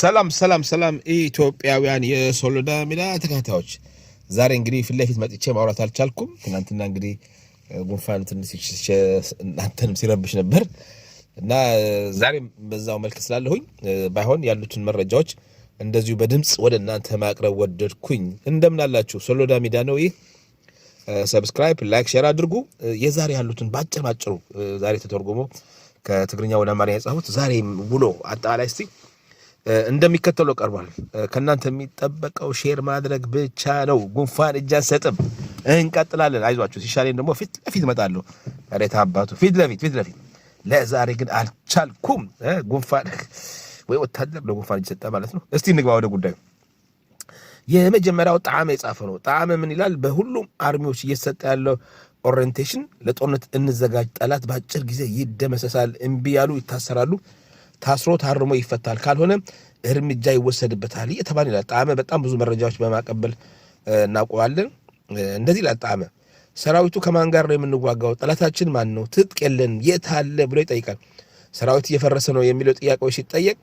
ሰላም ሰላም ሰላም ኢትዮጵያውያን የሶሎዳ ሚዲያ ተከታታዮች፣ ዛሬ እንግዲህ ፊት ለፊት መጥቼ ማውራት አልቻልኩም። ትናንትና እንግዲህ ጉንፋን ትንሽ እናንተንም ሲረብሽ ነበር እና ዛሬም በዛው መልክ ስላለሁኝ ባይሆን ያሉትን መረጃዎች እንደዚሁ በድምፅ ወደ እናንተ ማቅረብ ወደድኩኝ። እንደምን አላችሁ? ሶሎዳ ሚዲያ ነው ይህ። ሰብስክራይብ፣ ላይክ፣ ሼር አድርጉ። የዛሬ ያሉትን በአጭር ባጭሩ ዛሬ ተተርጉሞ ከትግርኛ ወደ አማርኛ የጻፉት ዛሬ ውሎ አጠቃላይ እስቲ እንደሚከተለው ቀርቧል። ከእናንተ የሚጠበቀው ሼር ማድረግ ብቻ ነው። ጉንፋን እጅ አንሰጥም፣ እንቀጥላለን። አይዟችሁ፣ ሲሻሌን ደግሞ ፊት ለፊት እመጣለሁ። ሬታ አባቱ ፊት ለፊት ፊት ለፊት። ለዛሬ ግን አልቻልኩም። ጉንፋን ወይ ወታደር ለጉንፋን እጅ ሰጠ ማለት ነው። እስቲ እንግባ ወደ ጉዳዩ። የመጀመሪያው ጣዕመ የጻፈ ነው። ጣዕመ ምን ይላል? በሁሉም አርሚዎች እየተሰጠ ያለው ኦሪንቴሽን ለጦርነት እንዘጋጅ፣ ጠላት በአጭር ጊዜ ይደመሰሳል፣ እምቢ ያሉ ይታሰራሉ ታስሮ ታርሞ ይፈታል፣ ካልሆነ እርምጃ ይወሰድበታል እየተባለ ይላል። ጣመ በጣም ብዙ መረጃዎች በማቀበል እናውቀዋለን። እንደዚህ ይላል ጣመ ሰራዊቱ ከማን ጋር ነው የምንዋጋው? ጠላታችን ማን ነው? ትጥቅ የለን የት አለ ብሎ ይጠይቃል። ሰራዊት እየፈረሰ ነው የሚለው ጥያቄዎች ሲጠየቅ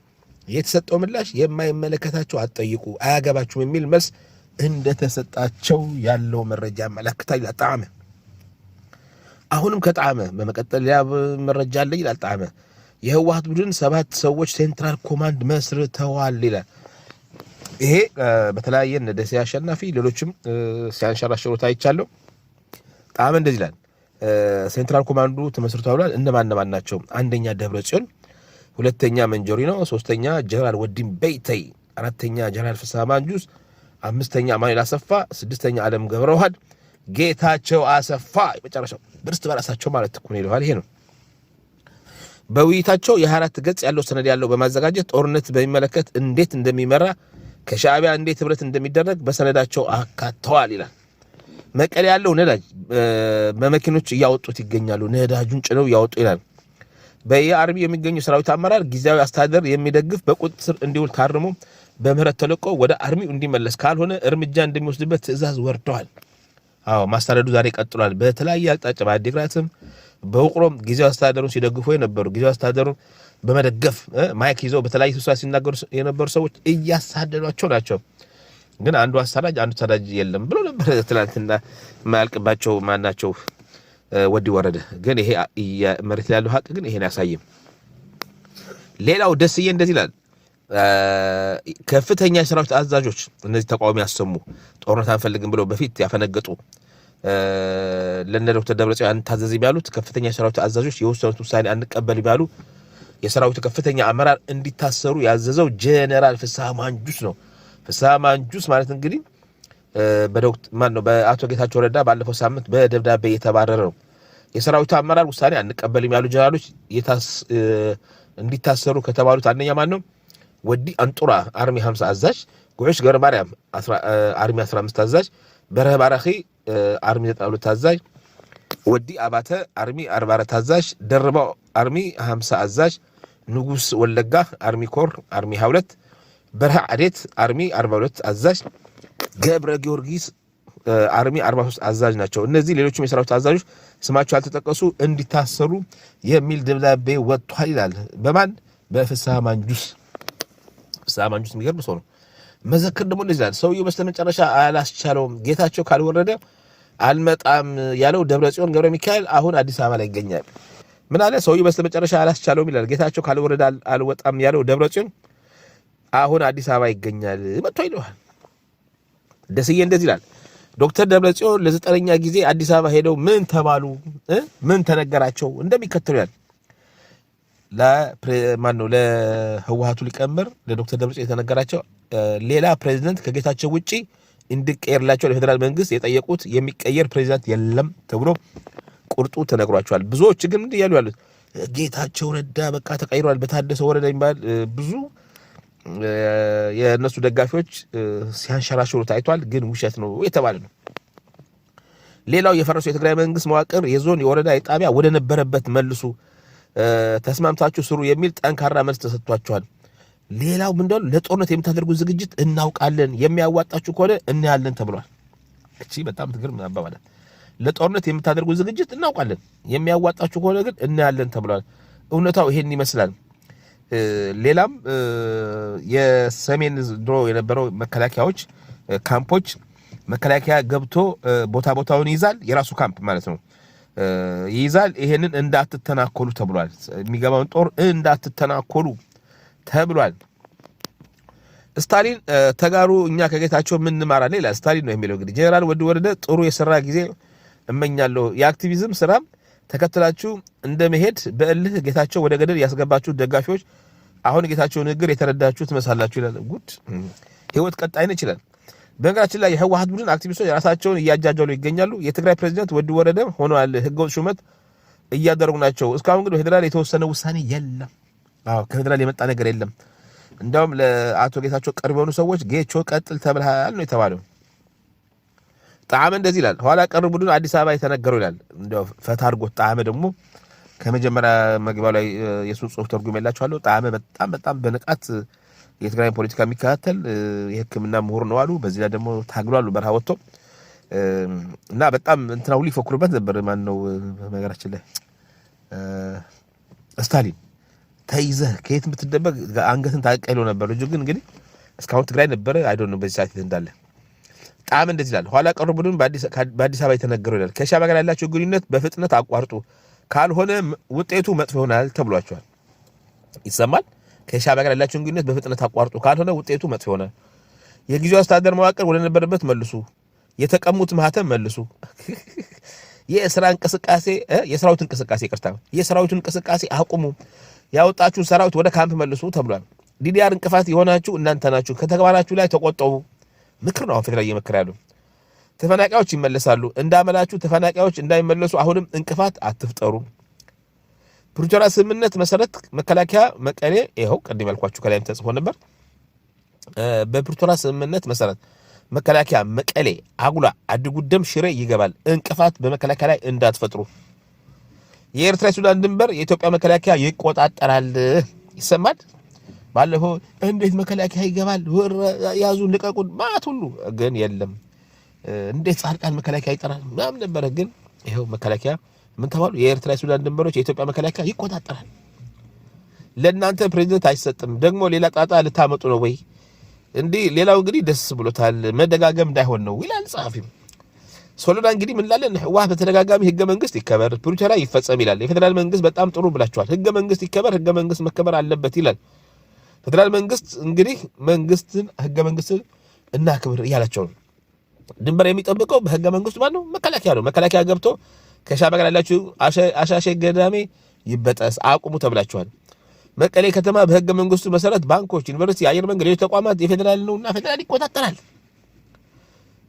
የተሰጠው ምላሽ የማይመለከታቸው አትጠይቁ፣ አያገባችሁም የሚል መልስ እንደተሰጣቸው ያለው መረጃ ያመላክታል ይላል ጣመ። አሁንም ከጣመ በመቀጠል ያ መረጃ አለ ይላል ጣመ። የህወሀት ቡድን ሰባት ሰዎች ሴንትራል ኮማንድ መስርተዋል ይላል። ይሄ በተለያየ እነ ደሴ አሸናፊ ሌሎችም ሲያንሸራሸሩት አይቻለሁ። ጣም እንደዚህ ይላል። ሴንትራል ኮማንዱ ተመስርቷል ብሏል። እነማን እነማን ናቸው? አንደኛ ደብረ ጽዮን፣ ሁለተኛ መንጆሪ ነው፣ ሶስተኛ ጀነራል ወዲም በይተይ፣ አራተኛ ጀነራል ፍስሐ ማንጁስ፣ አምስተኛ አማኑኤል አሰፋ፣ ስድስተኛ አለም ገብረውሃድ፣ ጌታቸው አሰፋ፣ መጨረሻው ብርስት በራሳቸው ማለት እኮ ነው ይለዋል። ይሄ ነው በውይይታቸው የ24 ገጽ ያለው ሰነድ ያለው በማዘጋጀት ጦርነት በሚመለከት እንዴት እንደሚመራ ከሻዕቢያ እንዴት ህብረት እንደሚደረግ በሰነዳቸው አካተዋል ይላል። መቀሌ ያለው ነዳጅ በመኪኖች እያወጡት ይገኛሉ። ነዳጁን ጭነው እያወጡ ይላል። በየአርቢ የሚገኙ ሰራዊት አመራር ጊዜያዊ አስተዳደር የሚደግፍ በቁጥጥር እንዲውል ታርሞ በምህረት ተለቆ ወደ አርሚው እንዲመለስ ካልሆነ እርምጃ እንደሚወስድበት ትዕዛዝ ወርደዋል። አዎ ማስተዳደሩ ዛሬ ቀጥሏል። በተለያየ አቅጣጫ በአዲግራትም በውቅሮም ጊዜው አስተዳደሩን ሲደግፉ የነበሩ ጊዜው አስተዳደሩን በመደገፍ ማይክ ይዘው በተለያዩ ስብሰባ ሲናገሩ የነበሩ ሰዎች እያሳደዷቸው ናቸው። ግን አንዱ አሳዳጅ አንዱ ተዳጅ የለም ብሎ ነበር። ትላንትና ማያልቅባቸው ማናቸው ወዲ ወረደ። ግን ይሄ መሬት ላይ ያለው ሀቅ ግን ይሄን አያሳይም። ሌላው ደስዬ እንደዚህ ይላል። ከፍተኛ የሰራዊት አዛዦች እነዚህ ተቃዋሚ ያሰሙ ጦርነት አንፈልግም ብለው በፊት ያፈነገጡ ለነ ዶክተር ደብረጽዮን አንታዘዝም ያሉት ከፍተኛ የሰራዊቱ አዛዦች የወሰኑት ውሳኔ አንቀበልም ያሉ የሰራዊቱ ከፍተኛ አመራር እንዲታሰሩ ያዘዘው ጄኔራል ፍስሐ ማንጁስ ነው። ፍስሐ ማንጁስ ማለት እንግዲህ በዶክት ማን ነው በአቶ ጌታቸው ረዳ ባለፈው ሳምንት በደብዳቤ የተባረረ ነው። የሰራዊቱ አመራር ውሳኔ አንቀበልም ያሉ ጀነራሎች እንዲታሰሩ ከተባሉት አንደኛ ማን ነው? ወዲ አንጡራ አርሚ 50 አዛዥ፣ ጉዑሽ ገብረ ማርያም አርሚ 15 አዛዥ፣ በረህ ባረኺ አርሚ 92 ታዛዥ ወዲ አባተ አርሚ 44 ታዛዥ ደርባው አርሚ ሃምሳ አዛዥ ንጉስ ወለጋ አርሚ ኮር አርሚ 22 በረሃ አዴት አርሚ ሁለት አዛዥ ገብረ ጊዮርጊስ አርሚ 43 አዛዥ ናቸው። እነዚህ ሌሎችም የሰራዊት አዛዦች ስማቸው ያልተጠቀሱ እንዲታሰሩ የሚል ደብዳቤ ወጥቷል ይላል። በማን በፍስሐ ማንጁስ። ፍስሐ ማንጁስ የሚገርም ሰው ነው። መዘክር ደግሞ እንደዚህ ይላል። ሰውየው በስተመጨረሻ አላስቻለውም። ጌታቸው ካልወረደ አልመጣም ያለው ደብረ ጽዮን ገብረ ሚካኤል አሁን አዲስ አበባ ላይ ይገኛል። ምን አለ ሰውዬው በስተመጨረሻ አላስቻለውም ይላል። ጌታቸው ካልወረደ አልወጣም ያለው ደብረ ጽዮን አሁን አዲስ አበባ ይገኛል መጥቶ ይለዋል። ደስዬ እንደዚህ ይላል። ዶክተር ደብረ ጽዮን ለዘጠነኛ ጊዜ አዲስ አበባ ሄደው ምን ተባሉ? ምን ተነገራቸው? እንደሚከተሉ ያል ለማን ነው ለህወሀቱ ሊቀመንበር ለዶክተር ጽዮን የተነገራቸው ሌላ ፕሬዚደንት ከጌታቸው ውጪ እንዲቀየርላቸው ለፌዴራል መንግስት የጠየቁት የሚቀየር ፕሬዚዳንት የለም ተብሎ ቁርጡ ተነግሯቸዋል። ብዙዎች ግን እንዲህ ያሉ ያሉት ጌታቸው ረዳ በቃ ተቀይሯል፣ በታደሰ ወረዳ የሚባል ብዙ የእነሱ ደጋፊዎች ሲያንሸራሽሩ ታይቷል። ግን ውሸት ነው የተባለ ነው። ሌላው የፈረሱ የትግራይ መንግስት መዋቅር የዞን የወረዳ የጣቢያ ወደ ነበረበት መልሱ፣ ተስማምታችሁ ስሩ የሚል ጠንካራ መልስ ተሰጥቷቸዋል። ሌላው ምንዳሉ ለጦርነት የምታደርጉት ዝግጅት እናውቃለን፣ የሚያዋጣችሁ ከሆነ እናያለን ተብሏል። እቺ በጣም ትግርም አባባላት። ለጦርነት የምታደርጉ ዝግጅት እናውቃለን፣ የሚያዋጣችሁ ከሆነ ግን እናያለን ተብሏል። እውነታው ይሄን ይመስላል። ሌላም የሰሜን ድሮ የነበረው መከላከያዎች ካምፖች መከላከያ ገብቶ ቦታ ቦታውን ይይዛል። የራሱ ካምፕ ማለት ነው ይይዛል። ይሄንን እንዳትተናኮሉ ተብሏል። የሚገባውን ጦር እንዳትተናኮሉ ተብሏል። ስታሊን ተጋሩ እኛ ከጌታቸው ምን እንማራለን ይላል። ስታሊን ነው የሚለው እንግዲህ። ጄኔራል ወንዱ ወረደ ጥሩ የስራ ጊዜ እመኛለሁ። የአክቲቪዝም ስራ ተከትላችሁ እንደመሄድ በእልህ ጌታቸው ወደ ገደል ያስገባችሁ ደጋፊዎች አሁን ጌታቸው ንግግር የተረዳችሁ ትመስላላችሁ ይላል። ጉድ ህይወት ቀጣይን ይችላል። በነገራችን ላይ የህወሀት ቡድን አክቲቪስቶች ራሳቸውን እያጃጃሉ ይገኛሉ። የትግራይ ፕሬዚደንት ወንዱ ወረደ ሆነዋል ህገወጥ ሹመት እያደረጉ ናቸው። እስካሁን ግን በፌዴራል የተወሰነ ውሳኔ የለም። ላይ የመጣ ነገር የለም። እንደውም ለአቶ ጌታቸው ቅርብ የሆኑ ሰዎች ጌቾ ቀጥል ተብልሃል ነው የተባለው። ጣዕመ እንደዚህ ይላል፣ ኋላ ቀር ቡድን አዲስ አበባ የተነገረው ይላል። ፈታ አድርጎት ጣዕመ ደግሞ ከመጀመሪያ መግቢያው ላይ የሱን ጽሁፍ ተርጉም የላቸዋለሁ። ጣዕመ በጣም በጣም በንቃት የትግራይን ፖለቲካ የሚከታተል የሕክምና ምሁር ነው አሉ። በዚህ ላይ ደግሞ ታግሏሉ በረሃ ወጥቶ እና በጣም እንትና ሁሉ ይፎክሩበት ነበር። ማን ነው በነገራችን ላይ ስታሊን ተይዘህ ከየት የምትደበቅ አንገትን ታቀሎ ነበር። ልጁ ግን እንግዲህ እስካሁን ትግራይ ነበረ። አይዶ ነው በዚህ ሰዓት እንዳለ ጣም እንደዚህ ይላል። ኋላ ቀሩ ቡድን በአዲስ አበባ የተነገረው ይላል። ከሻዕቢያ ጋር ያላቸው ግንኙነት በፍጥነት አቋርጡ፣ ካልሆነ ውጤቱ መጥፎ ይሆናል ተብሏቸዋል። ይሰማል። ከሻዕቢያ ጋር ያላቸውን ግንኙነት በፍጥነት አቋርጡ፣ ካልሆነ ውጤቱ መጥፎ ይሆናል። የጊዜው አስተዳደር መዋቅር ወደ ነበረበት መልሱ፣ የተቀሙት ማህተም መልሱ፣ የስራ እንቅስቃሴ የሰራዊት እንቅስቃሴ ቅርታ የሰራዊቱ እንቅስቃሴ አቁሙ ያወጣችሁን ሰራዊት ወደ ካምፕ መልሱ ተብሏል። ዲዲአር እንቅፋት የሆናችሁ እናንተ ናችሁ። ከተግባራችሁ ላይ ተቆጠቡ። ምክር ነው አሁን ፌዴራል ያሉ። ተፈናቃዮች ይመለሳሉ እንዳመላችሁ ተፈናቃዮች እንዳይመለሱ አሁንም እንቅፋት አትፍጠሩ። ፕሪቶሪያ ስምምነት መሰረት መከላከያ መቀሌ ይኸው ቅድም ያልኳችሁ ከላይም ተጽፎ ነበር። በፕሪቶሪያ ስምምነት መሰረት መከላከያ መቀሌ፣ አጉላ፣ አድጉደም፣ ሽሬ ይገባል። እንቅፋት በመከላከያ ላይ እንዳትፈጥሩ። የኤርትራ የሱዳን ድንበር የኢትዮጵያ መከላከያ ይቆጣጠራል። ይሰማል። ባለፈው እንዴት መከላከያ ይገባል? ያዙ፣ ልቀቁን ማለት ሁሉ ግን የለም። እንዴት ጻድቃን መከላከያ ይጠራል ምናምን ነበረ። ግን ይኸው መከላከያ ምን ተባሉ? የኤርትራ የሱዳን ድንበሮች የኢትዮጵያ መከላከያ ይቆጣጠራል። ለእናንተ ፕሬዚደንት አይሰጥም። ደግሞ ሌላ ጣጣ ልታመጡ ነው ወይ? እንዲህ ሌላው እንግዲህ ደስ ብሎታል። መደጋገም እንዳይሆን ነው ይላል ጸሐፊም። ሶሎዳ እንግዲህ ምን ላለን ህወሓት በተደጋጋሚ ህገ መንግስት ይከበር፣ ፕሪቶሪያ ይፈጸም ይላል። የፌዴራል መንግስት በጣም ጥሩ ብላችኋል። ህገ መንግስት ይከበር፣ ህገ መንግስት መከበር አለበት ይላል። ፌዴራል መንግስት እንግዲህ መንግስትን ህገ መንግስትን እናክብር እያላቸው ነው። ድንበር የሚጠብቀው በህገ መንግስቱ ነው? መከላከያ ነው። መከላከያ ገብቶ ከሻዕቢያ ጋር ያላችሁ አሻሼ ገዳሜ ይበጠስ አቁሙ ተብላችኋል። መቀሌ ከተማ በህገ መንግስቱ መሰረት ባንኮች፣ ዩኒቨርሲቲ፣ አየር መንገድ፣ ሌሎች ተቋማት የፌዴራል ነውና ፌዴራል ይቆጣጠራል።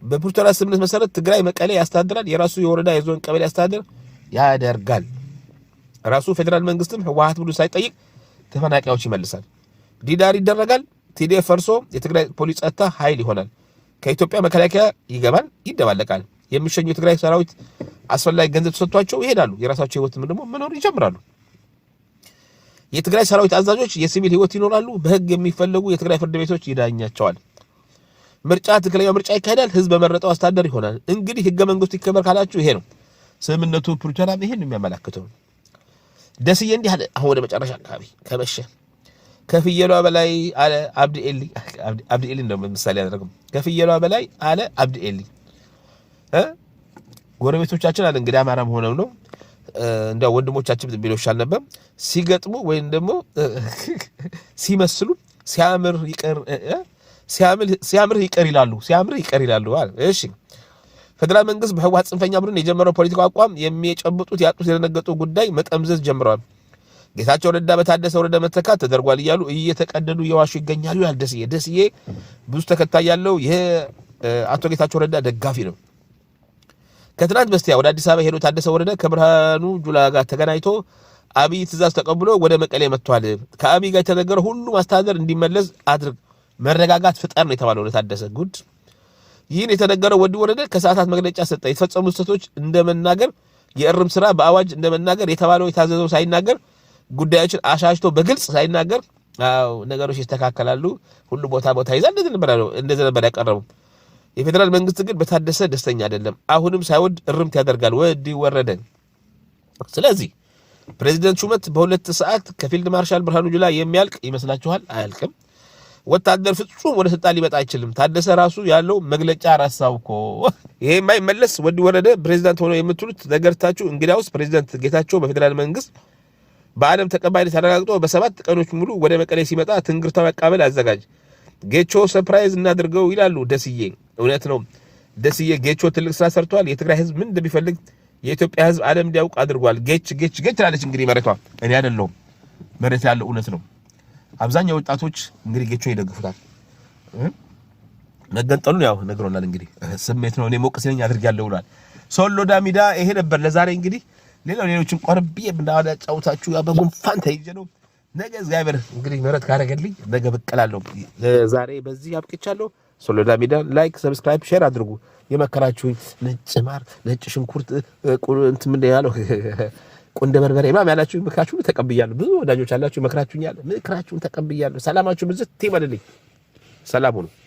በፕሪቶሪያ ስምምነት መሰረት ትግራይ መቀሌ ያስተዳድራል። የራሱ የወረዳ የዞን ቀበሌ ያስተዳድር ያደርጋል። ራሱ ፌዴራል መንግስትም ህወሀት ብሎ ሳይጠይቅ ተፈናቃዮች ይመልሳል። ዲዳር ይደረጋል። ቲዲኤፍ ፈርሶ የትግራይ ፖሊስ ጸጥታ ኃይል ይሆናል። ከኢትዮጵያ መከላከያ ይገባል፣ ይደባለቃል። የሚሸኙ የትግራይ ሰራዊት አስፈላጊ ገንዘብ ተሰጥቷቸው ይሄዳሉ። የራሳቸው ህይወት ደግሞ መኖር ይጀምራሉ። የትግራይ ሰራዊት አዛዦች የሲቪል ህይወት ይኖራሉ። በህግ የሚፈለጉ የትግራይ ፍርድ ቤቶች ይዳኛቸዋል። ምርጫ ትክክለኛው ምርጫ ይካሄዳል። ህዝብ በመረጠው አስተዳደር ይሆናል። እንግዲህ ህገ መንግስቱ ይከበር ካላችሁ ይሄ ነው ስምምነቱ። ፕሪቶሪያም ይሄን የሚያመላክተው ደስዬ እንዲህ አለ። አሁን ወደ መጨረሻ አካባቢ ከመሸ ከፍየሏ በላይ አለ አብድኤሊ አብድኤሊ ነው ምሳሌ ያደረገው። ከፍየሏ በላይ አለ አብድኤሊ እ ጎረቤቶቻችን አለ እንግዲህ አማራም ሆነው ነው እንዲያው ወንድሞቻችን ቢሎሽ አልነበረም ሲገጥሙ ወይም ደግሞ ሲመስሉ ሲያምር ይቅር ሲያምርህ ይቀር ይላሉ። ሲያምርህ ይቀር ይላሉ። እሺ ፌደራል መንግስት በህወሀት ጽንፈኛ ቡድን የጀመረው ፖለቲካ አቋም የሚጨብጡት ያጡት የደነገጡ ጉዳይ መጠምዘዝ ጀምረዋል። ጌታቸው ረዳ በታደሰ ወረደ መተካት ተደርጓል እያሉ እየተቀደዱ እየዋሹ ይገኛሉ። ያል ደስዬ ደስዬ ብዙ ተከታይ ያለው አቶ ጌታቸው ረዳ ደጋፊ ነው። ከትናንት በስቲያ ወደ አዲስ አበባ ሄዶ ታደሰ ወረደ ከብርሃኑ ጁላ ጋር ተገናኝቶ አብይ ትእዛዝ ተቀብሎ ወደ መቀሌ መጥቷል። ከአብይ ጋር የተነገረ ሁሉም አስተዳደር እንዲመለስ አድርግ መረጋጋት ፍጠር ነው የተባለው ለታደሰ ጉድ። ይህን የተነገረው ወዲ ወረደ ከሰዓታት መግለጫ ሰጠ። የተፈጸሙ ስህተቶች እንደመናገር የእርም ስራ በአዋጅ እንደመናገር የተባለው የታዘዘው ሳይናገር ጉዳዮችን አሻሽቶ በግልጽ ሳይናገር አዎ ነገሮች ይስተካከላሉ፣ ሁሉ ቦታ ቦታ ይዛ እንደዚህ ነበር ያቀረቡ። የፌዴራል መንግስት ግን በታደሰ ደስተኛ አይደለም። አሁንም ሳይወድ እርምት ያደርጋል ወዲ ወረደ። ስለዚህ ፕሬዚደንት ሹመት በሁለት ሰዓት ከፊልድ ማርሻል ብርሃኑ ጁላ የሚያልቅ ይመስላችኋል? አያልቅም። ወታደር ፍጹም ወደ ስልጣን ሊመጣ አይችልም። ታደሰ ራሱ ያለው መግለጫ ራሳው እኮ ይሄ የማይመለስ ወዲ ወረደ ፕሬዚዳንት ሆኖ የምትሉት ነገርታችሁ። እንግዲያውስ ፕሬዚዳንት ጌታቸው በፌዴራል መንግስት በዓለም ተቀባይነት ተረጋግጦ በሰባት ቀኖች ሙሉ ወደ መቀሌ ሲመጣ ትንግርታዊ አቀባበል አዘጋጅ። ጌቾ ሰርፕራይዝ እናድርገው ይላሉ ደስዬ። እውነት ነው ደስዬ ጌቾ ትልቅ ስራ ሰርቷል። የትግራይ ህዝብ ምን እንደሚፈልግ የኢትዮጵያ ህዝብ ዓለም እንዲያውቅ አድርጓል። ጌች ጌች ጌች ትላለች እንግዲህ መሬቷ። እኔ አይደለሁም መሬት ያለው እውነት ነው። አብዛኛው ወጣቶች እንግዲህ ጌቾ ይደግፉታል። መገንጠሉን ያው ነግሮናል። እንግዲህ ስሜት ነው፣ እኔ ሞቅ ሲለኝ አድርጋለሁ ብሏል። ሶሎ ዳሚዳ ይሄ ነበር ለዛሬ እንግዲህ። ሌላው ሌሎችን ቆርቤ እንዳዋዳ ጫውታችሁ ያው በጉንፋን ተይዤ ነው። ነገ እግዚአብሔር እንግዲህ ምህረት ካደረገልኝ ነገ በቀላለሁ። ለዛሬ በዚህ አብቅቻለሁ። ሶሎ ዳሚዳ ላይክ፣ ሰብስክራይብ፣ ሼር አድርጉ። የመከራችሁኝ ነጭ ማር፣ ነጭ ሽንኩርት ቁርጥ ምን ያለው ቁንደ በርበሬ ማም ያላችሁ ምክራችሁን ተቀብያለሁ። ብዙ ወዳጆች አላችሁ፣ መክራችሁኛል። ምክራችሁን ተቀብያለሁ። ሰላማችሁ ብዙ ይበልልኝ። ሰላም ሁኑ።